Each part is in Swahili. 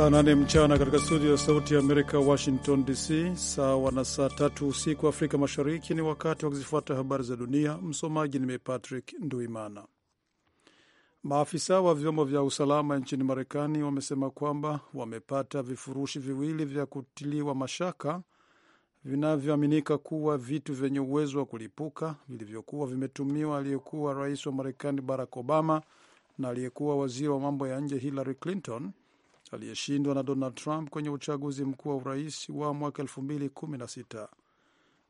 saa nane mchana katika studio ya Sauti ya Amerika, Washington DC, sawa na saa tatu usiku Afrika Mashariki. Ni wakati wa kuzifuata habari za dunia. Msomaji ni mimi Patrick Nduimana. Maafisa wa vyombo vya usalama nchini Marekani wamesema kwamba wamepata vifurushi viwili vya kutiliwa mashaka vinavyoaminika kuwa vitu vyenye uwezo wa kulipuka vilivyokuwa vimetumiwa aliyekuwa rais wa Marekani Barack Obama na aliyekuwa waziri wa mambo ya nje Hillary Clinton aliyeshindwa na Donald Trump kwenye uchaguzi mkuu wa urais wa mwaka 2016.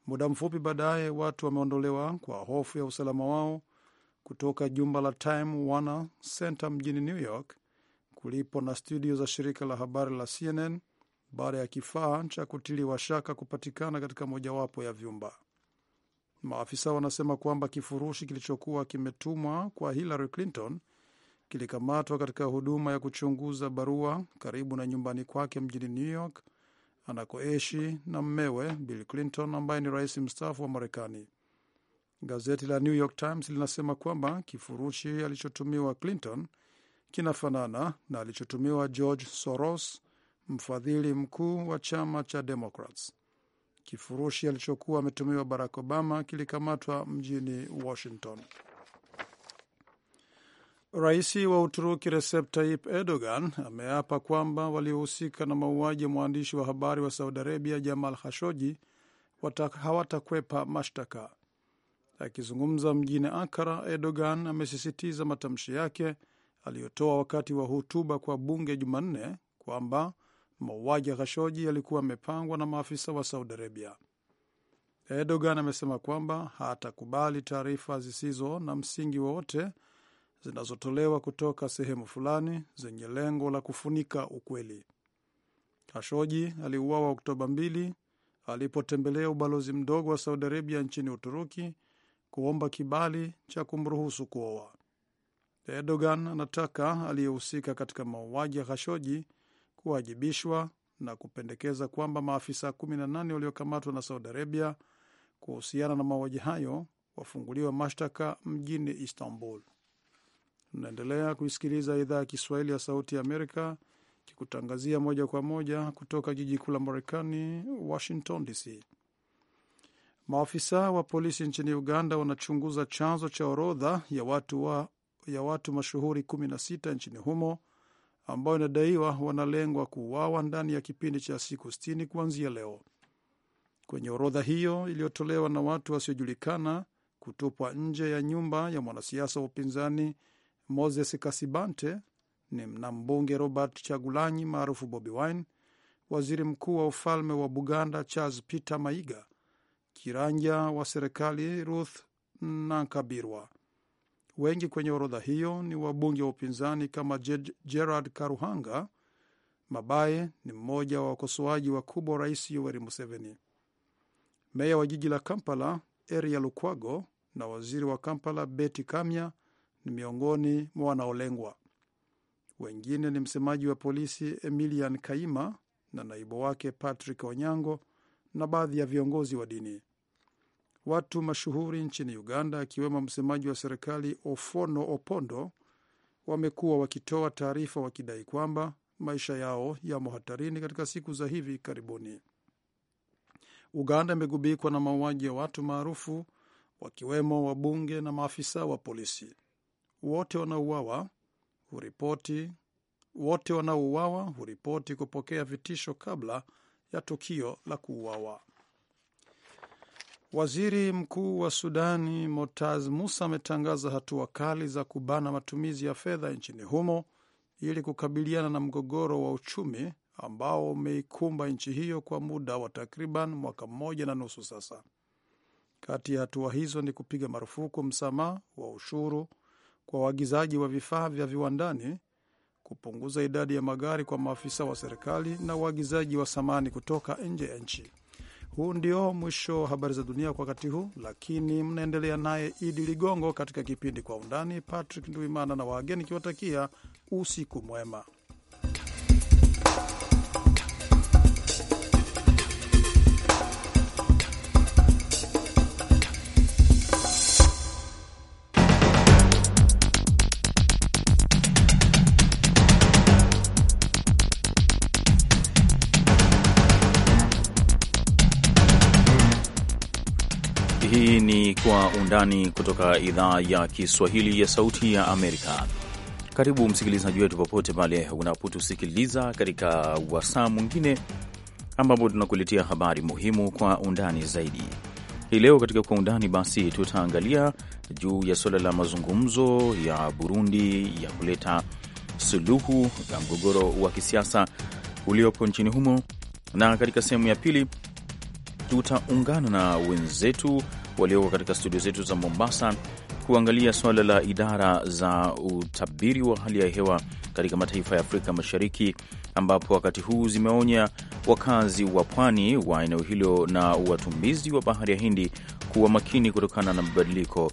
Muda mfupi baadaye, watu wameondolewa kwa hofu ya usalama wao kutoka jumba la Time Warner Center mjini New York kulipo na studio za shirika la habari la CNN baada ya kifaa cha kutiliwa shaka kupatikana katika mojawapo ya vyumba. Maafisa wanasema kwamba kifurushi kilichokuwa kimetumwa kwa Hillary Clinton kilikamatwa katika huduma ya kuchunguza barua karibu na nyumbani kwake mjini New York anakoeshi na mmewe Bill Clinton ambaye ni rais mstaafu wa Marekani. Gazeti la New York Times linasema kwamba kifurushi alichotumiwa Clinton kinafanana na alichotumiwa George Soros, mfadhili mkuu wa chama cha Democrats. Kifurushi alichokuwa ametumiwa Barack Obama kilikamatwa mjini Washington. Rais wa Uturuki Recep Tayyip Erdogan ameapa kwamba waliohusika na mauaji ya mwandishi wa habari wa Saudi Arabia Jamal Khashoggi hawatakwepa mashtaka. Akizungumza mjini Ankara, Erdogan amesisitiza matamshi yake aliyotoa wakati wa hotuba kwa bunge Jumanne kwamba mauaji ya Khashoggi yalikuwa yamepangwa na maafisa wa Saudi Arabia. Erdogan amesema kwamba hatakubali taarifa zisizo na msingi wowote zinazotolewa kutoka sehemu fulani zenye lengo la kufunika ukweli. Kashoji aliuawa Oktoba 2 alipotembelea ubalozi mdogo wa Saudi Arabia nchini Uturuki kuomba kibali cha kumruhusu kuoa. Erdogan anataka aliyehusika katika mauaji ya Khashoji kuwajibishwa na kupendekeza kwamba maafisa 18 waliokamatwa na Saudi Arabia kuhusiana na mauaji hayo wafunguliwe mashtaka mjini Istanbul. Mnaendelea kuisikiliza idhaa ya Kiswahili ya Sauti ya Amerika kikutangazia moja kwa moja kutoka jiji kuu la Marekani, Washington DC. Maafisa wa polisi nchini Uganda wanachunguza chanzo cha orodha ya watu, wa, ya watu mashuhuri 16 nchini humo ambao inadaiwa wanalengwa kuuawa ndani ya kipindi cha siku 60 kuanzia leo. Kwenye orodha hiyo iliyotolewa na watu wasiojulikana kutupwa nje ya nyumba ya mwanasiasa wa upinzani Moses Kasibante ni na mbunge Robert Chagulanyi maarufu Bobi Wine, waziri mkuu wa ufalme wa Buganda Charles Peter maiga kiranja wa serikali Ruth Nankabirwa. Wengi kwenye orodha hiyo ni wabunge wa upinzani kama Gerard Karuhanga Mabaye ni mmoja wa wakosoaji wakubwa wa rais Yoweri Museveni. Meya wa jiji la Kampala Eria Lukwago na waziri wa Kampala Betty Kamya ni miongoni mwa wanaolengwa. Wengine ni msemaji wa polisi Emilian Kaima na naibu wake Patrick Onyango na baadhi ya viongozi wa dini. Watu mashuhuri nchini Uganda, akiwemo msemaji wa serikali Ofono Opondo, wamekuwa wakitoa taarifa wakidai kwamba maisha yao yamo hatarini katika siku za hivi karibuni. Uganda imegubikwa na mauaji ya watu maarufu wakiwemo wabunge na maafisa wa polisi wote wanaouawa huripoti wote wanaouawa huripoti kupokea vitisho kabla ya tukio la kuuawa. Waziri Mkuu wa Sudani Motaz Musa ametangaza hatua kali za kubana matumizi ya fedha nchini humo ili kukabiliana na mgogoro wa uchumi ambao umeikumba nchi hiyo kwa muda wa takriban mwaka mmoja na nusu sasa. Kati ya hatua hizo ni kupiga marufuku msamaha wa ushuru kwa waagizaji wa vifaa vya viwandani, kupunguza idadi ya magari kwa maafisa wa serikali na waagizaji wa samani kutoka nje ya nchi. Huu ndio mwisho wa habari za dunia kwa wakati huu, lakini mnaendelea naye Idi Ligongo katika kipindi Kwa Undani. Patrick Nduimana na wageni kiwatakia usiku mwema. Undani kutoka idhaa ya Kiswahili ya Sauti ya Amerika. Karibu msikilizaji wetu popote pale unapotusikiliza katika wasaa mwingine ambapo tunakuletea habari muhimu kwa undani zaidi. Hii leo katika Kwa Undani basi tutaangalia juu ya suala la mazungumzo ya Burundi ya kuleta suluhu ya mgogoro wa kisiasa uliopo nchini humo, na katika sehemu ya pili tutaungana na wenzetu walioko katika studio zetu za Mombasa kuangalia suala la idara za utabiri wa hali ya hewa katika mataifa ya Afrika Mashariki, ambapo wakati huu zimeonya wakazi wa pwani wa eneo hilo na watumizi wa bahari ya Hindi kuwa makini kutokana na mabadiliko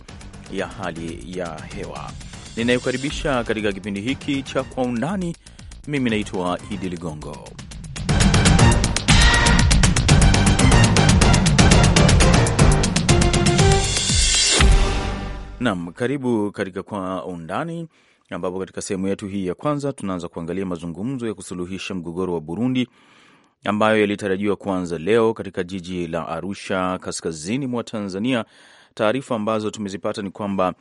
ya hali ya hewa. Ninayokaribisha katika kipindi hiki cha Kwa Undani, mimi naitwa Idi Ligongo. Naam, karibu katika Kwa Undani, ambapo katika sehemu yetu hii ya kwanza tunaanza kuangalia mazungumzo ya kusuluhisha mgogoro wa Burundi ambayo yalitarajiwa kuanza leo katika jiji la Arusha, kaskazini mwa Tanzania. Taarifa ambazo tumezipata ni kwamba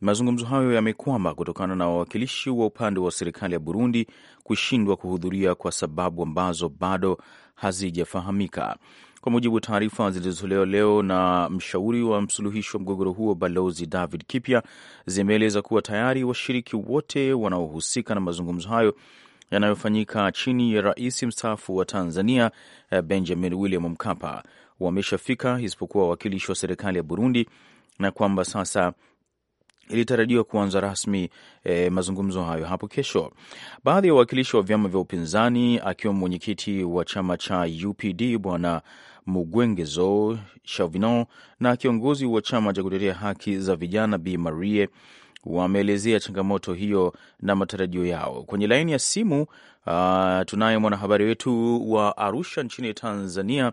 Mazungumzo hayo yamekwama kutokana na wawakilishi wa upande wa serikali ya Burundi kushindwa kuhudhuria kwa sababu ambazo bado hazijafahamika. Kwa mujibu wa taarifa zilizotolewa leo na mshauri wa msuluhishi wa mgogoro huo Balozi David Kipya, zimeeleza kuwa tayari washiriki wote wanaohusika na mazungumzo hayo yanayofanyika chini ya rais mstaafu wa Tanzania eh, Benjamin William Mkapa wameshafika isipokuwa wawakilishi wa serikali ya Burundi na kwamba sasa ilitarajiwa kuanza rasmi e, mazungumzo hayo hapo kesho. Baadhi ya wawakilishi wa vyama vya upinzani akiwemo mwenyekiti wa chama cha UPD Bwana Mugwengezo Chavinon na kiongozi wa chama cha kutetea haki za vijana Bi Marie wameelezea changamoto hiyo na matarajio yao. Kwenye laini ya simu Uh, tunaye mwanahabari wetu wa Arusha nchini Tanzania,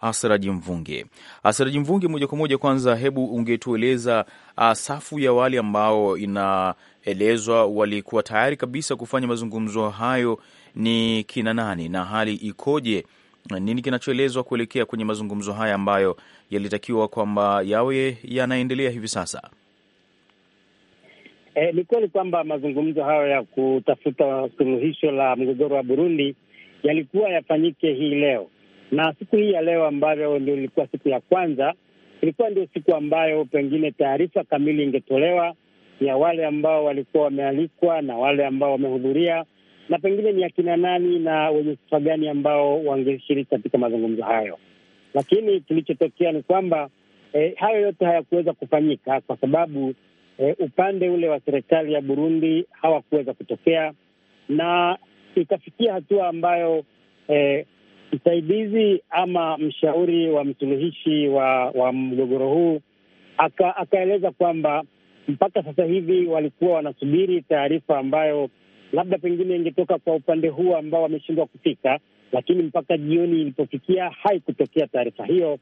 Asraji Mvunge. Asraji Mvunge, moja kwa moja, kwanza hebu ungetueleza uh, safu ya wale ambao inaelezwa walikuwa tayari kabisa kufanya mazungumzo hayo ni kina nani na hali ikoje? Nini kinachoelezwa kuelekea kwenye mazungumzo haya ambayo yalitakiwa kwamba yawe yanaendelea hivi sasa? E, ni kweli kwamba mazungumzo hayo ya kutafuta suluhisho la mgogoro wa Burundi yalikuwa yafanyike hii leo, na siku hii ya leo ambayo ndio ilikuwa siku ya kwanza, ilikuwa ndio siku ambayo pengine taarifa kamili ingetolewa ya wale ambao walikuwa wamealikwa na wale ambao wamehudhuria, na pengine ni akina nani na wenye sifa gani ambao wangeshiriki katika mazungumzo hayo. Lakini kilichotokea ni kwamba eh, hayo yote hayakuweza kufanyika kwa sababu e, upande ule wa serikali ya Burundi hawakuweza kutokea, na ikafikia hatua ambayo e, msaidizi ama mshauri wa msuluhishi wa, wa mgogoro huu aka, akaeleza kwamba mpaka sasa hivi walikuwa wanasubiri taarifa ambayo labda pengine ingetoka kwa upande huu ambao wameshindwa kufika, lakini mpaka jioni ilipofikia haikutokea taarifa hiyo,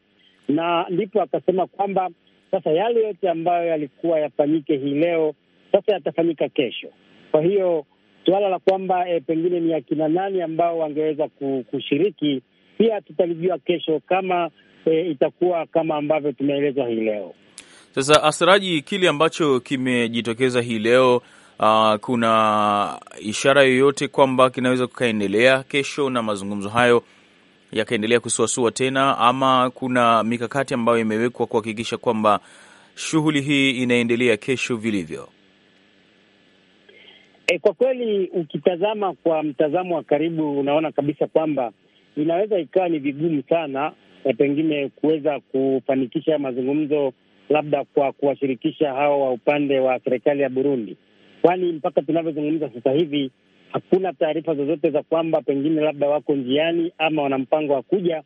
na ndipo akasema kwamba sasa yale yote ambayo yalikuwa yafanyike hii leo sasa yatafanyika kesho. Kwa hiyo suala la kwamba e, pengine ni akina nani ambao wangeweza kushiriki pia tutalijua kesho kama e, itakuwa kama ambavyo tumeelezwa hii leo. Sasa Asiraji, kile ambacho kimejitokeza hii leo uh, kuna ishara yoyote kwamba kinaweza kukaendelea kesho na mazungumzo hayo yakaendelea kusuasua tena, ama kuna mikakati ambayo imewekwa kuhakikisha kwamba shughuli hii inaendelea kesho vilivyo? E, kwa kweli ukitazama kwa mtazamo wa karibu unaona kabisa kwamba inaweza ikawa ni vigumu sana e, pengine kuweza kufanikisha mazungumzo labda kwa kuwashirikisha hawa wa upande wa serikali ya Burundi, kwani mpaka tunavyozungumza sasa hivi hakuna taarifa zozote za kwamba pengine labda wako njiani ama wana mpango wa kuja.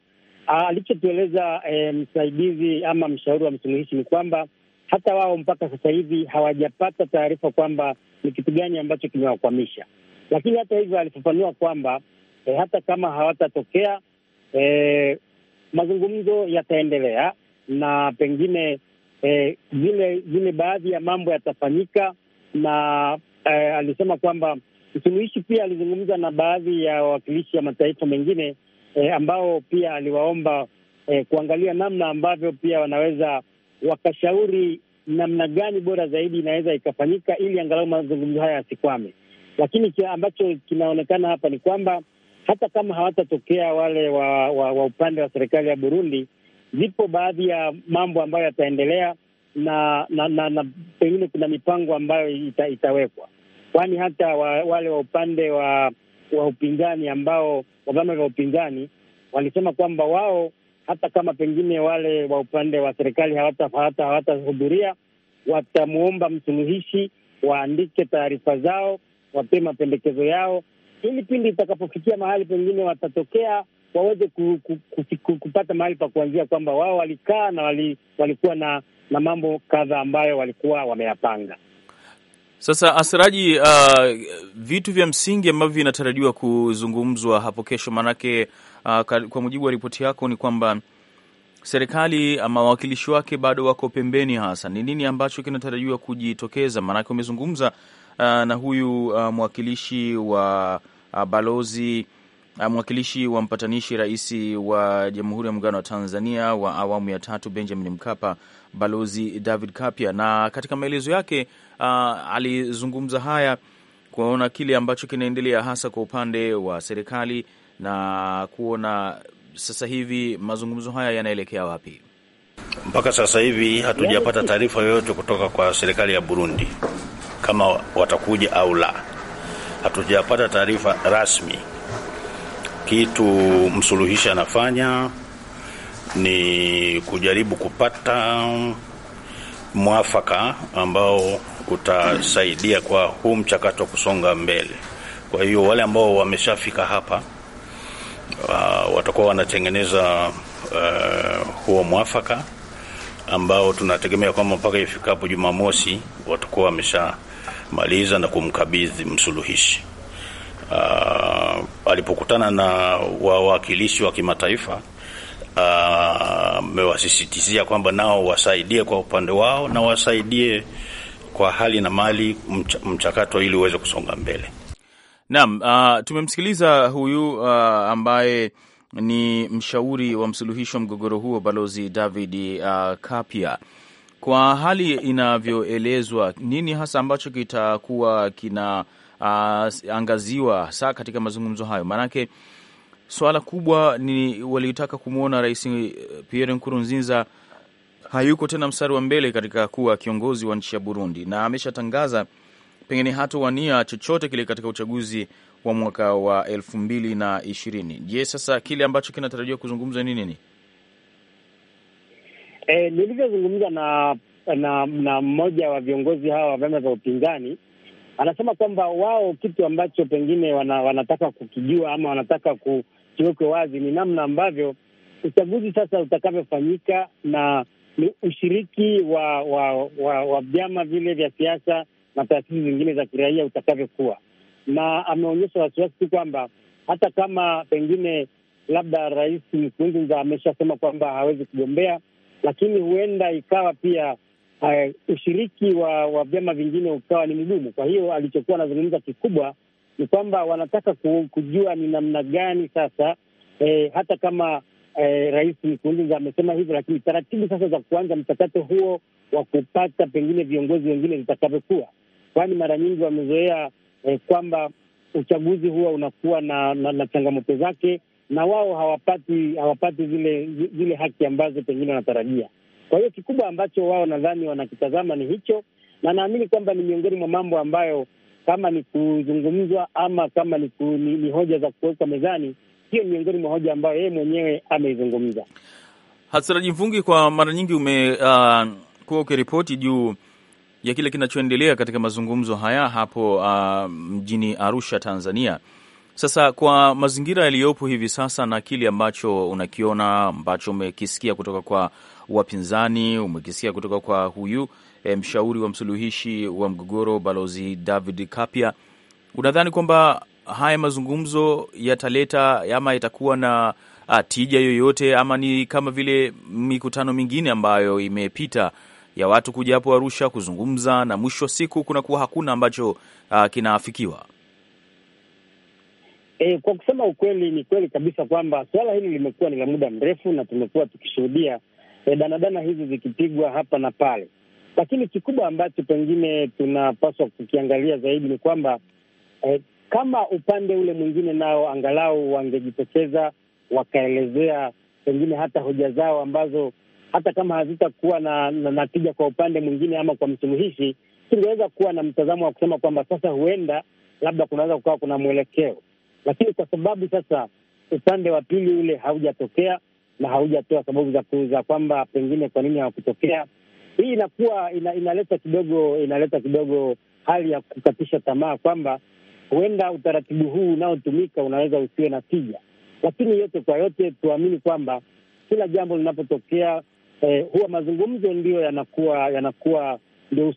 Ah, alichotueleza e, msaidizi ama mshauri wa msuluhishi ni kwamba hata wao mpaka sasa hivi hawajapata taarifa kwamba ni kitu gani ambacho kimewakwamisha, lakini hata hivyo alifafanua kwamba e, hata kama hawatatokea e, mazungumzo yataendelea na pengine e, vile baadhi ya mambo yatafanyika na e, alisema kwamba Msuluhishi pia alizungumza na baadhi ya wawakilishi wa mataifa mengine eh, ambao pia aliwaomba eh, kuangalia namna ambavyo pia wanaweza wakashauri namna gani bora zaidi inaweza ikafanyika ili angalau mazungumzo haya yasikwame. Lakini kia ambacho kinaonekana hapa ni kwamba hata kama hawatatokea wale wa, wa, wa upande wa serikali ya Burundi, zipo baadhi ya mambo ambayo yataendelea na na, na, na pengine kuna mipango ambayo ita, itawekwa kwani hata wa, wale wa upande wa wa upinzani ambao wa vyama vya upinzani walisema kwamba wao hata kama pengine wale wa upande wa serikali hawatahudhuria, watamwomba msuluhishi waandike taarifa zao, wapee mapendekezo yao, ili pindi itakapofikia mahali pengine watatokea waweze ku, ku, ku, ku, kupata mahali pa kuanzia kwamba wao walikaa na wali, walikuwa na, na mambo kadha ambayo walikuwa wameyapanga. Sasa Asiraji, uh, vitu vya msingi ambavyo vinatarajiwa kuzungumzwa hapo kesho, maanake uh, kwa mujibu wa ripoti yako ni kwamba serikali ama wawakilishi wake bado wako pembeni. Hasa ni nini ambacho kinatarajiwa kujitokeza? Maanake umezungumza uh, na huyu uh, mwakilishi wa uh, balozi Ah, mwakilishi wa mpatanishi rais wa Jamhuri ya Muungano wa Tanzania wa awamu ya tatu Benjamin Mkapa, Balozi David Kapia, na katika maelezo yake uh, alizungumza haya kuona kile ambacho kinaendelea hasa kwa upande wa serikali na kuona sasa hivi mazungumzo haya yanaelekea wapi. Mpaka sasa hivi hatujapata taarifa yoyote kutoka kwa serikali ya Burundi kama watakuja au la. Hatujapata taarifa rasmi kitu msuluhishi anafanya ni kujaribu kupata mwafaka ambao utasaidia kwa huu mchakato wa kusonga mbele. Kwa hiyo wale ambao wameshafika hapa uh, watakuwa wanatengeneza uh, huo mwafaka ambao tunategemea kwamba mpaka ifikapo Jumamosi watakuwa wameshamaliza na kumkabidhi msuluhishi uh, alipokutana na wawakilishi wa kimataifa ah, amewasisitizia kwamba nao wasaidie kwa upande wao na wasaidie kwa hali na mali mch mchakato ili uweze kusonga mbele. Naam, uh, tumemsikiliza huyu uh, ambaye ni mshauri wa msuluhishi wa mgogoro huo Balozi David uh, Kapia. Kwa hali inavyoelezwa, nini hasa ambacho kitakuwa kina uh, angaziwa sa katika mazungumzo hayo? Maanake swala kubwa ni walitaka kumwona Rais eh, Pierre Nkurunziza hayuko tena mstari wa mbele katika kuwa kiongozi wa nchi ya Burundi, na ameshatangaza pengine wania chochote kile katika uchaguzi wa mwaka wa elfu mbili na ishirini. Je, sasa kile ambacho kinatarajiwa kuzungumzwa ni nini? E, nilivyozungumza na na mmoja wa viongozi hawa wa vyama vya upinzani anasema kwamba wao kitu ambacho pengine wana, wanataka kukijua ama wanataka kukiwekwe wazi ni namna ambavyo uchaguzi sasa utakavyofanyika na ni ushiriki wa wa, wa, wa vyama vile vya siasa na taasisi zingine za kiraia utakavyokuwa, na ameonyesha wasiwasi tu kwamba hata kama pengine labda Rais Nkurunziza ameshasema kwamba hawezi kugombea, lakini huenda ikawa pia uh, ushiriki wa wa vyama vingine ukawa ni mgumu. Kwa hiyo alichokuwa anazungumza kikubwa ni kwamba wanataka kujua ni namna gani sasa, eh, hata kama eh, Rais Nkurunziza amesema hivyo, lakini taratibu sasa za kuanza mchakato huo wa kupata pengine viongozi wengine zitakavyokuwa, kwani mara nyingi wamezoea eh, kwamba uchaguzi huwa unakuwa na, na, na changamoto zake na wao hawapati hawapati zile zile haki ambazo pengine wanatarajia. Kwa hiyo kikubwa ambacho wao nadhani wanakitazama ni hicho, na naamini kwamba ni miongoni mwa mambo ambayo kama ni kuzungumzwa ama kama ni, ku, ni, ni hoja za kuwekwa mezani, hiyo ni miongoni mwa hoja ambayo yeye mwenyewe ameizungumza. Hasraji Mfungi, kwa mara nyingi umekuwa uh, ukiripoti juu ya kile kinachoendelea katika mazungumzo haya hapo uh, mjini Arusha, Tanzania. Sasa kwa mazingira yaliyopo hivi sasa na kile ambacho unakiona ambacho umekisikia kutoka kwa wapinzani umekisikia kutoka kwa huyu e, mshauri wa msuluhishi wa mgogoro Balozi David Kapia. Unadhani kwamba haya mazungumzo yataleta ama yatakuwa na ah, tija yoyote ama ni kama vile mikutano mingine ambayo imepita ya watu kuja hapo Arusha kuzungumza na mwisho wa siku kunakuwa hakuna ambacho uh, kinaafikiwa? E, kwa kusema ukweli, ni kweli kabisa kwamba suala hili limekuwa ni la muda mrefu na tumekuwa tukishuhudia e, eh, danadana hizi zikipigwa hapa na pale. Lakini kikubwa ambacho pengine tunapaswa kukiangalia zaidi ni kwamba e, kama upande ule mwingine nao angalau wangejitokeza wakaelezea pengine hata hoja zao ambazo hata kama hazitakuwa na, na, na tija kwa upande mwingine ama kwa msuluhishi, tungeweza kuwa na mtazamo wa kusema kwamba sasa huenda labda kunaweza kukawa kuna mwelekeo. Lakini kwa sababu sasa upande wa pili ule haujatokea, na haujatoa sababu za kuuza kwamba pengine kwa nini hawakutokea. Hii inakuwa ina, inaleta kidogo inaleta kidogo hali ya kukatisha tamaa kwamba huenda utaratibu huu unaotumika unaweza usiwe na tija, lakini yote kwa yote tuamini kwamba kila jambo linapotokea eh, huwa mazungumzo ndiyo yanakuwa yanakuwa ndio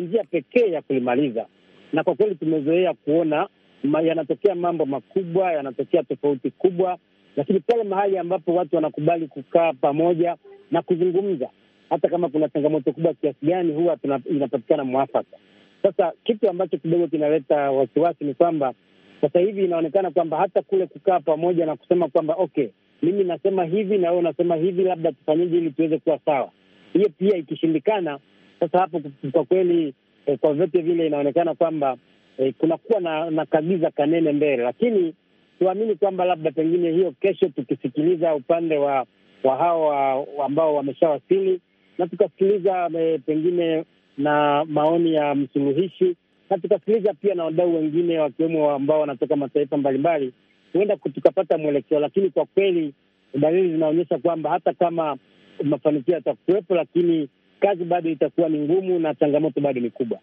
njia pekee ya kulimaliza, na kwa kweli tumezoea kuona ma, yanatokea mambo makubwa, yanatokea tofauti kubwa lakini pale mahali ambapo watu wanakubali kukaa pamoja na kuzungumza, hata kama kuna changamoto kubwa kiasi gani, huwa inapatikana mwafaka. Sasa kitu ambacho kidogo kinaleta wasiwasi ni kwamba sasa hivi inaonekana kwamba hata kule kukaa pamoja na kusema kwamba okay, mimi nasema hivi na wewe unasema hivi, labda tufanyeje ili tuweze kuwa sawa, hiyo pia ikishindikana, sasa hapo kwa kweli eh, kwa vyote vile inaonekana kwamba eh, kunakuwa na, na kagiza kanene mbele, lakini tuamini kwamba labda pengine hiyo kesho, tukisikiliza upande wa wa hao ambao wameshawasili na tukasikiliza eh, pengine na maoni ya msuluhishi na tukasikiliza pia na wadau wengine wakiwemo ambao wanatoka mataifa mbalimbali, huenda tukapata mwelekeo. Lakini kwa kweli dalili zinaonyesha kwamba hata kama mafanikio yatakuwepo, lakini kazi bado itakuwa ni ngumu na changamoto bado ni kubwa.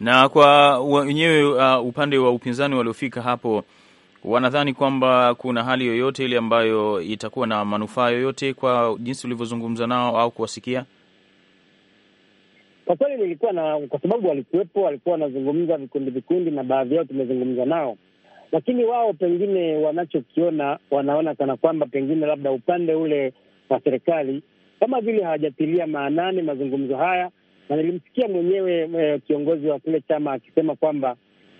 Na kwa wenyewe uh, upande wa upinzani waliofika hapo wanadhani kwamba kuna hali yoyote ile ambayo itakuwa na manufaa yoyote kwa jinsi ulivyozungumza nao au kuwasikia? Kwa kweli nilikuwa na, kwa sababu walikuwepo, walikuwa wanazungumza vikundi vikundi, na baadhi yao tumezungumza nao, lakini wao pengine wanachokiona, wanaona kana kwamba pengine labda upande ule wa serikali kama vile hawajatilia maanani mazungumzo haya, na nilimsikia mwenyewe e, kiongozi wa kile chama akisema kwamba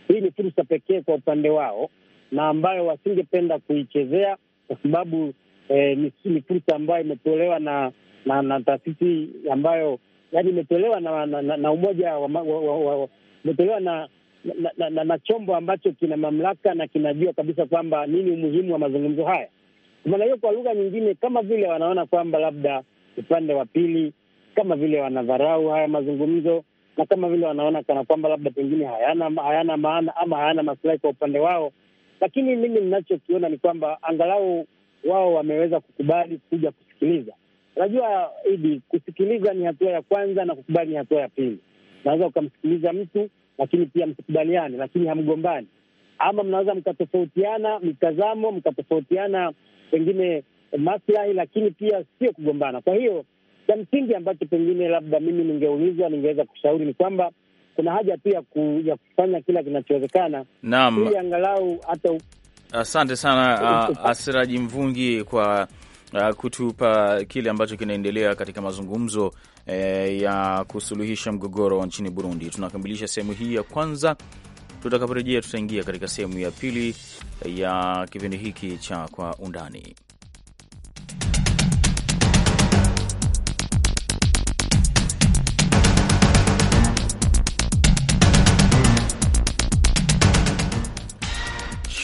hii ni fursa pekee kwa upande wao na ambayo wasingependa kuichezea kwa sababu eh, ni fursa ambayo imetolewa na na, na taasisi ambayo yani imetolewa na, na, na, na umoja imetolewa na na, na, na na chombo ambacho kina mamlaka na kinajua kabisa kwamba nini umuhimu wa mazungumzo haya. Kwa maana hiyo, kwa lugha nyingine, kama vile wanaona kwamba labda upande wa pili kama vile wanadharau haya mazungumzo na kama vile wanaona kana kwamba labda pengine hayana hayana maana ama hayana masilahi kwa upande wao, lakini mimi ninachokiona ni kwamba angalau wao wameweza kukubali kuja kusikiliza. Unajua Idi, kusikiliza ni hatua ya kwanza na kukubali ni hatua ya pili. Unaweza ukamsikiliza mtu lakini pia msikubaliane, lakini hamgombani, ama mnaweza mkatofautiana mitazamo, mkatofautiana pengine maslahi, lakini pia sio kugombana. Kwa hiyo cha msingi ambacho pengine labda mimi ningeulizwa, ningeweza kushauri ni kwamba kuna haja pia ku, ya kufanya kila kinachowezekana ili angalau hata. Asante sana uh, Asiraji Mvungi kwa uh, kutupa kile ambacho kinaendelea katika mazungumzo eh, ya kusuluhisha mgogoro nchini Burundi. Tunakamilisha sehemu hii ya kwanza. Tutakaporejea tutaingia katika sehemu ya pili ya kipindi hiki cha Kwa Undani.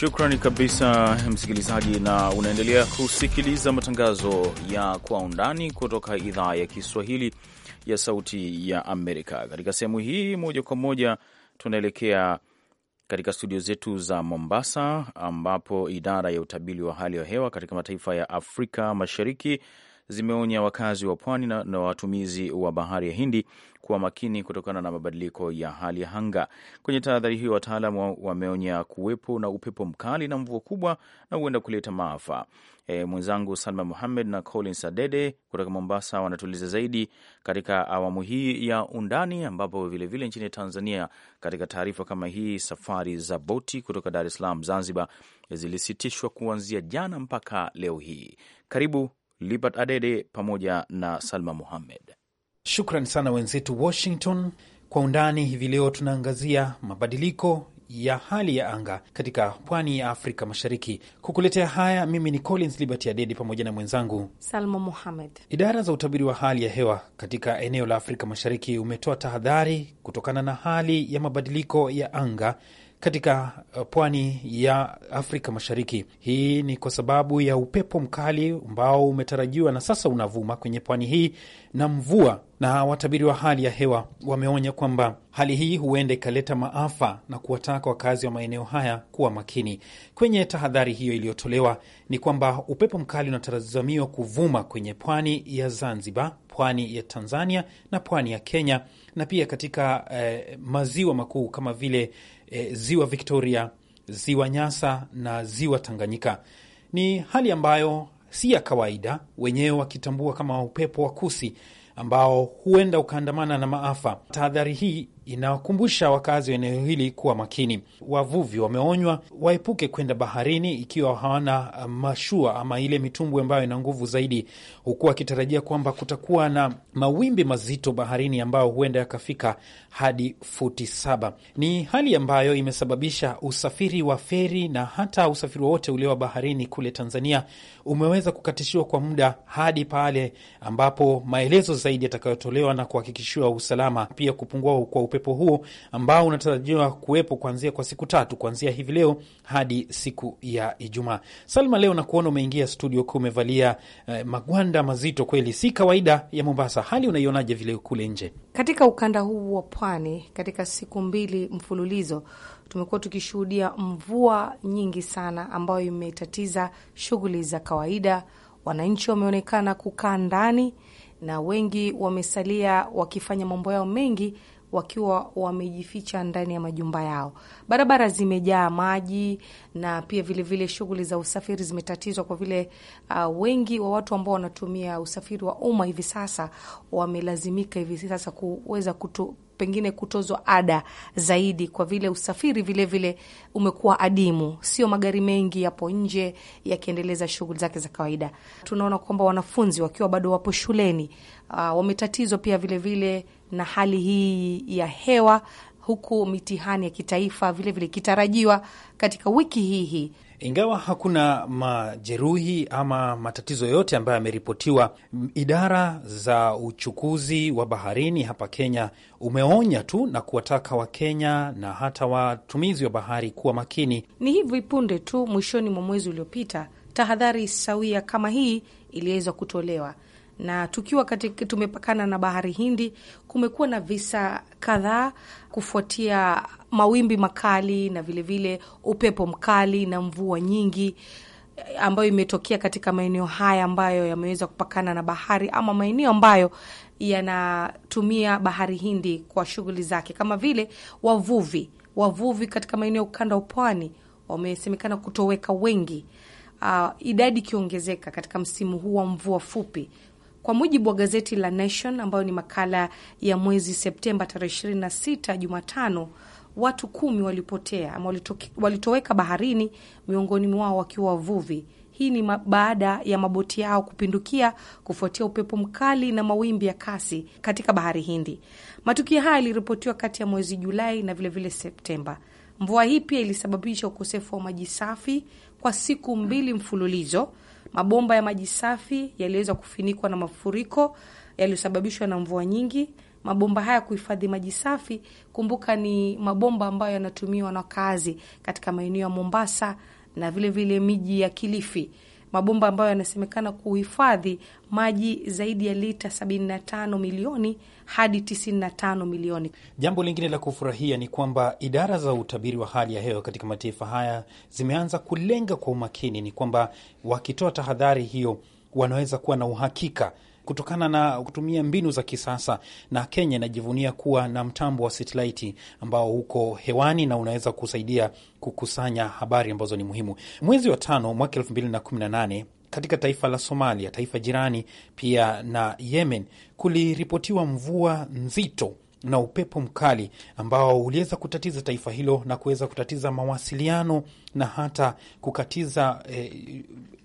Shukrani kabisa msikilizaji, na unaendelea kusikiliza matangazo ya Kwa Undani kutoka idhaa ya Kiswahili ya Sauti ya Amerika. Katika sehemu hii moja kwa moja tunaelekea katika studio zetu za Mombasa, ambapo idara ya utabiri wa hali ya hewa katika mataifa ya Afrika Mashariki zimeonya wakazi wa pwani na watumizi wa bahari ya Hindi kuwa makini kutokana na mabadiliko ya hali ya anga. Kwenye tahadhari hiyo, wataalam wameonya kuwepo na upepo mkali na mvua kubwa na huenda kuleta maafa. E, mwenzangu Salma Muhammed na Colin Sadede kutoka Mombasa wanatuliza zaidi katika awamu hii ya Undani, ambapo vilevile nchini Tanzania, katika taarifa kama hii, safari za boti kutoka Dar es Salaam Zanzibar zilisitishwa kuanzia jana mpaka leo hii. Karibu Libert Adede pamoja na Salma Muhammed. Shukran sana wenzetu Washington. Kwa undani hivi leo tunaangazia mabadiliko ya hali ya anga katika pwani ya Afrika Mashariki. Kukuletea haya mimi ni Collins Liberty Adedi pamoja na mwenzangu Salma Muhamed. Idara za utabiri wa hali ya hewa katika eneo la Afrika Mashariki umetoa tahadhari kutokana na hali ya mabadiliko ya anga katika uh, pwani ya Afrika Mashariki. Hii ni kwa sababu ya upepo mkali ambao umetarajiwa na sasa unavuma kwenye pwani hii na mvua na watabiri wa hali ya hewa wameonya kwamba hali hii huenda ikaleta maafa na kuwataka wakazi wa maeneo haya kuwa makini. Kwenye tahadhari hiyo iliyotolewa ni kwamba upepo mkali unatazamiwa kuvuma kwenye pwani ya Zanzibar, pwani ya Tanzania na pwani ya Kenya, na pia katika eh, maziwa makuu kama vile eh, ziwa Victoria, ziwa Nyasa na ziwa Tanganyika. Ni hali ambayo si ya kawaida, wenyewe wakitambua kama upepo wa kusi ambao huenda ukaandamana na maafa. Tahadhari hii inawakumbusha wakazi wa eneo hili kuwa makini. Wavuvi wameonywa waepuke kwenda baharini ikiwa hawana uh, mashua ama ile mitumbwi ambayo ina nguvu zaidi, huku wakitarajia kwamba kutakuwa na mawimbi mazito baharini ambayo huenda yakafika hadi futi saba. Ni hali ambayo imesababisha usafiri wa feri na hata usafiri wowote ulio wa baharini kule Tanzania umeweza kukatishiwa kwa muda hadi pale ambapo maelezo zaidi yatakayotolewa na kuhakikishiwa usalama, pia kupungua kwa upepo huo ambao unatarajiwa kuwepo kuanzia kwa siku tatu kuanzia hivi leo hadi siku ya Ijumaa. Salma, leo nakuona umeingia studio ukiwa umevalia eh, magwanda mazito kweli, si kawaida ya Mombasa. Hali unaionaje vile kule nje katika ukanda huu wa pwani? Katika siku mbili mfululizo tumekuwa tukishuhudia mvua nyingi sana ambayo imetatiza shughuli za kawaida. Wananchi wameonekana kukaa ndani na wengi wamesalia wakifanya mambo yao mengi wakiwa wamejificha ndani ya majumba yao. Barabara zimejaa maji na pia vilevile shughuli za usafiri zimetatizwa kwa vile uh, wengi wa watu ambao wanatumia usafiri wa umma hivi sasa wamelazimika hivi sasa kuweza kutu pengine kutozwa ada zaidi kwa vile usafiri vilevile vile umekuwa adimu, sio magari mengi yapo nje yakiendeleza shughuli zake za kawaida. Tunaona kwamba wanafunzi wakiwa bado wapo shuleni, uh, wametatizwa pia vilevile vile na hali hii ya hewa huku mitihani ya kitaifa vilevile ikitarajiwa katika wiki hii hii. Ingawa hakuna majeruhi ama matatizo yote ambayo yameripotiwa, idara za uchukuzi wa baharini hapa Kenya umeonya tu na kuwataka Wakenya na hata watumizi wa bahari kuwa makini. Ni hivi punde tu mwishoni mwa mwezi uliopita tahadhari sawia kama hii iliweza kutolewa na tukiwa katika, tumepakana na bahari Hindi, kumekuwa na visa kadhaa kufuatia mawimbi makali na vilevile vile upepo mkali na mvua nyingi eh, ambayo imetokea katika maeneo haya ambayo yameweza kupakana na bahari ama maeneo ambayo yanatumia bahari Hindi kwa shughuli zake, kama vile wavuvi. Wavuvi katika maeneo ukanda wa pwani wamesemekana kutoweka wengi, uh, idadi ikiongezeka katika msimu huu wa mvua fupi kwa mujibu wa gazeti la Nation ambayo ni makala ya mwezi Septemba tarehe 26 Jumatano, watu kumi walipotea ama walitoweka baharini, miongoni mwao wakiwa wavuvi. Hii ni baada ya maboti yao kupindukia kufuatia upepo mkali na mawimbi ya kasi katika bahari Hindi. Matukio haya yaliripotiwa kati ya mwezi Julai na vilevile Septemba. Mvua hii pia ilisababisha ukosefu wa maji safi kwa siku mbili mfululizo Mabomba ya maji safi yaliweza kufinikwa na mafuriko yaliyosababishwa na mvua nyingi. Mabomba haya kuhifadhi maji safi, kumbuka ni mabomba ambayo yanatumiwa na kazi katika maeneo ya Mombasa na vilevile miji ya Kilifi mabomba ambayo yanasemekana kuhifadhi maji zaidi ya lita 75 milioni hadi 95 milioni. Jambo lingine la kufurahia ni kwamba idara za utabiri wa hali ya hewa katika mataifa haya zimeanza kulenga kwa umakini, ni kwamba wakitoa tahadhari hiyo wanaweza kuwa na uhakika kutokana na kutumia mbinu za kisasa, na Kenya inajivunia kuwa na mtambo wa satelaiti ambao uko hewani na unaweza kusaidia kukusanya habari ambazo ni muhimu. Mwezi wa tano mwaka elfu mbili na kumi na nane katika taifa la Somalia, taifa jirani pia na Yemen, kuliripotiwa mvua nzito na upepo mkali ambao uliweza kutatiza taifa hilo na kuweza kutatiza mawasiliano na hata kukatiza eh,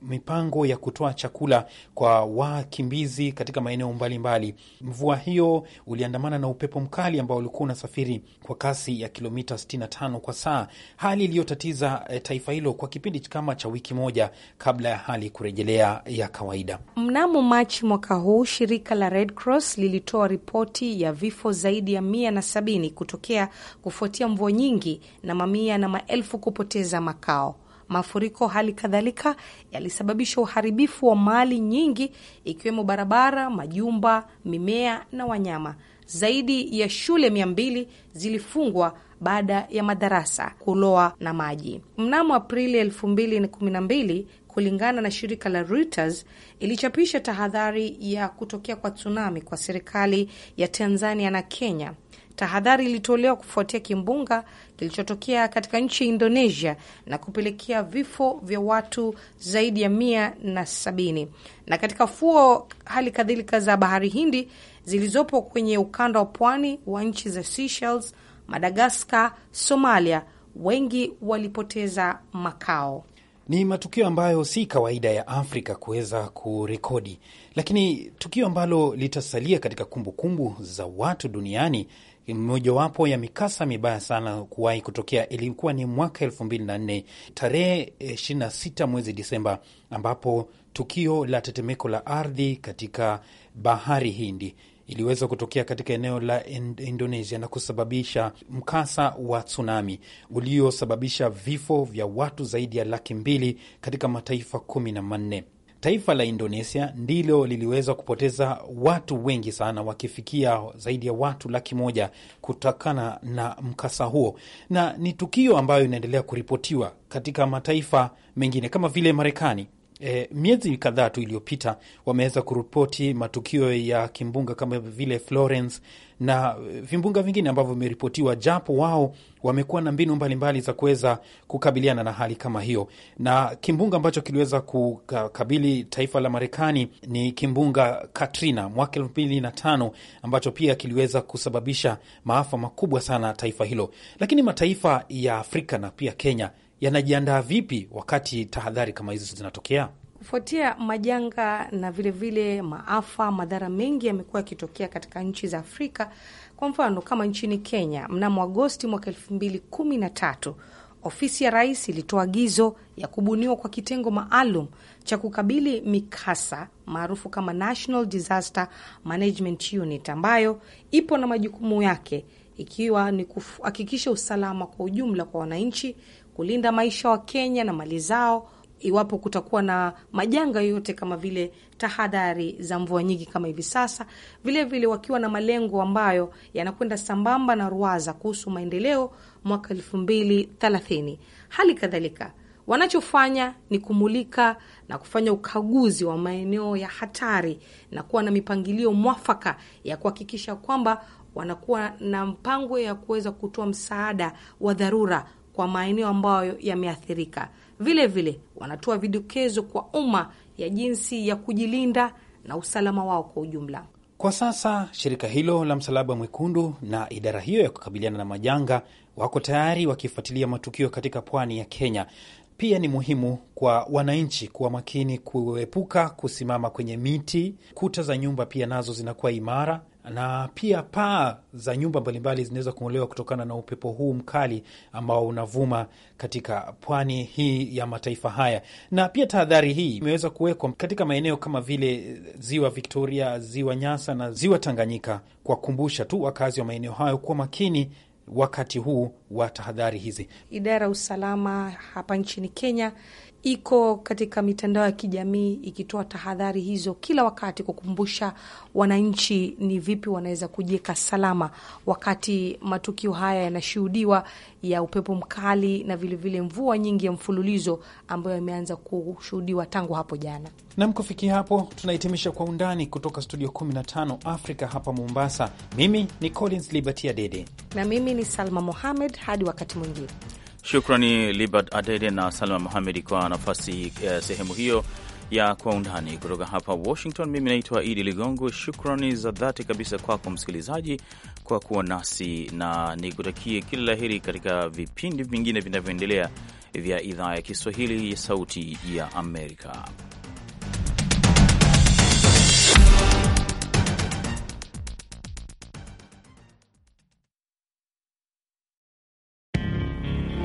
mipango ya kutoa chakula kwa wakimbizi katika maeneo mbalimbali. Mvua hiyo uliandamana na upepo mkali ambao ulikuwa unasafiri kwa kasi ya kilomita 65 kwa saa, hali iliyotatiza eh, taifa hilo kwa kipindi kama cha wiki moja kabla ya hali kurejelea ya kawaida. Mnamo Machi mwaka huu shirika la Red Cross lilitoa ripoti ya vifo zaidi ya mia na sabini kutokea kufuatia mvua nyingi na mamia na maelfu kupoteza makazi makao. Mafuriko hali kadhalika yalisababisha uharibifu wa mali nyingi, ikiwemo barabara, majumba, mimea na wanyama. Zaidi ya shule mia mbili zilifungwa baada ya madarasa kuloa na maji mnamo Aprili elfu mbili na kumi na mbili kulingana na shirika la Reuters ilichapisha tahadhari ya kutokea kwa tsunami kwa serikali ya Tanzania na Kenya. Tahadhari ilitolewa kufuatia kimbunga kilichotokea katika nchi ya Indonesia na kupelekea vifo vya watu zaidi ya mia na sabini. Na katika fuo hali kadhalika za bahari Hindi zilizopo kwenye ukanda wa pwani wa nchi za Seychelles, Madagaskar, Somalia, wengi walipoteza makao. Ni matukio ambayo si kawaida ya Afrika kuweza kurekodi, lakini tukio ambalo litasalia katika kumbukumbu kumbu za watu duniani Mojawapo ya mikasa mibaya sana kuwahi kutokea ilikuwa ni mwaka elfu mbili na nne tarehe eh, ishirini na sita mwezi Disemba, ambapo tukio la tetemeko la ardhi katika bahari Hindi iliweza kutokea katika eneo la Indonesia na kusababisha mkasa wa tsunami uliosababisha vifo vya watu zaidi ya laki mbili katika mataifa kumi na manne. Taifa la Indonesia ndilo liliweza kupoteza watu wengi sana, wakifikia zaidi ya watu laki moja kutokana na mkasa huo, na ni tukio ambayo inaendelea kuripotiwa katika mataifa mengine kama vile Marekani E, miezi kadhaa tu iliyopita wameweza kuripoti matukio ya kimbunga kama vile Florence na eh, vimbunga vingine ambavyo vimeripotiwa, japo wao wamekuwa na mbinu mbalimbali za kuweza kukabiliana na hali kama hiyo. Na kimbunga ambacho kiliweza kukabili taifa la Marekani ni kimbunga Katrina mwaka elfu mbili na tano ambacho pia kiliweza kusababisha maafa makubwa sana taifa hilo, lakini mataifa ya Afrika na pia Kenya yanajiandaa vipi wakati tahadhari kama hizo zinatokea? Kufuatia majanga na vilevile vile maafa, madhara mengi yamekuwa yakitokea katika nchi za Afrika. Kwa mfano kama nchini Kenya, mnamo Agosti mwaka elfu mbili kumi na tatu ofisi ya rais ilitoa agizo ya kubuniwa kwa kitengo maalum cha kukabili mikasa maarufu kama National Disaster Management Unit ambayo ipo na majukumu yake ikiwa ni kuhakikisha usalama kwa ujumla kwa wananchi, kulinda maisha wa Kenya na mali zao iwapo kutakuwa na majanga yoyote kama vile tahadhari za mvua nyingi kama hivi sasa, vilevile vile wakiwa na malengo ambayo yanakwenda sambamba na ruaza kuhusu maendeleo mwaka elfu mbili thelathini. Hali kadhalika wanachofanya ni kumulika na kufanya ukaguzi wa maeneo ya hatari na kuwa na mipangilio mwafaka ya kuhakikisha kwamba wanakuwa na mpango ya kuweza kutoa msaada wa dharura kwa maeneo ambayo yameathirika. Vile vile wanatoa vidokezo kwa umma ya jinsi ya kujilinda na usalama wao kwa ujumla. Kwa sasa shirika hilo la Msalaba Mwekundu na idara hiyo ya kukabiliana na majanga wako tayari wakifuatilia matukio katika pwani ya Kenya. Pia ni muhimu kwa wananchi kuwa makini, kuepuka kusimama kwenye miti. Kuta za nyumba pia nazo zinakuwa imara, na pia paa za nyumba mbalimbali zinaweza kung'olewa kutokana na upepo huu mkali ambao unavuma katika pwani hii ya mataifa haya. Na pia tahadhari hii imeweza kuwekwa katika maeneo kama vile ziwa Victoria, ziwa Nyasa na ziwa Tanganyika, kuwakumbusha tu wakazi wa maeneo hayo kuwa makini wakati huu wa tahadhari hizi. Idara ya usalama hapa nchini Kenya iko katika mitandao ya kijamii ikitoa tahadhari hizo kila wakati, kukumbusha wananchi ni vipi wanaweza kujieka salama wakati matukio haya yanashuhudiwa ya upepo mkali na vilevile vile mvua nyingi ya mfululizo ambayo yameanza kushuhudiwa tangu hapo jana. Nam, kufikia hapo tunahitimisha Kwa Undani kutoka studio 15 Afrika hapa Mombasa. Mimi ni Collins Libertia na mimi ni Salma Mohamed. Hadi wakati mwingine. Shukrani Libert Adede na Salma Muhamedi kwa nafasi eh, sehemu hiyo ya Kwa Undani kutoka hapa Washington. Mimi naitwa Idi Ligongo. Shukrani za dhati kabisa kwako msikilizaji kwa kuwa nasi, na nikutakie kila la heri katika vipindi vingine vinavyoendelea vya idhaa ya Kiswahili ya Sauti ya Amerika.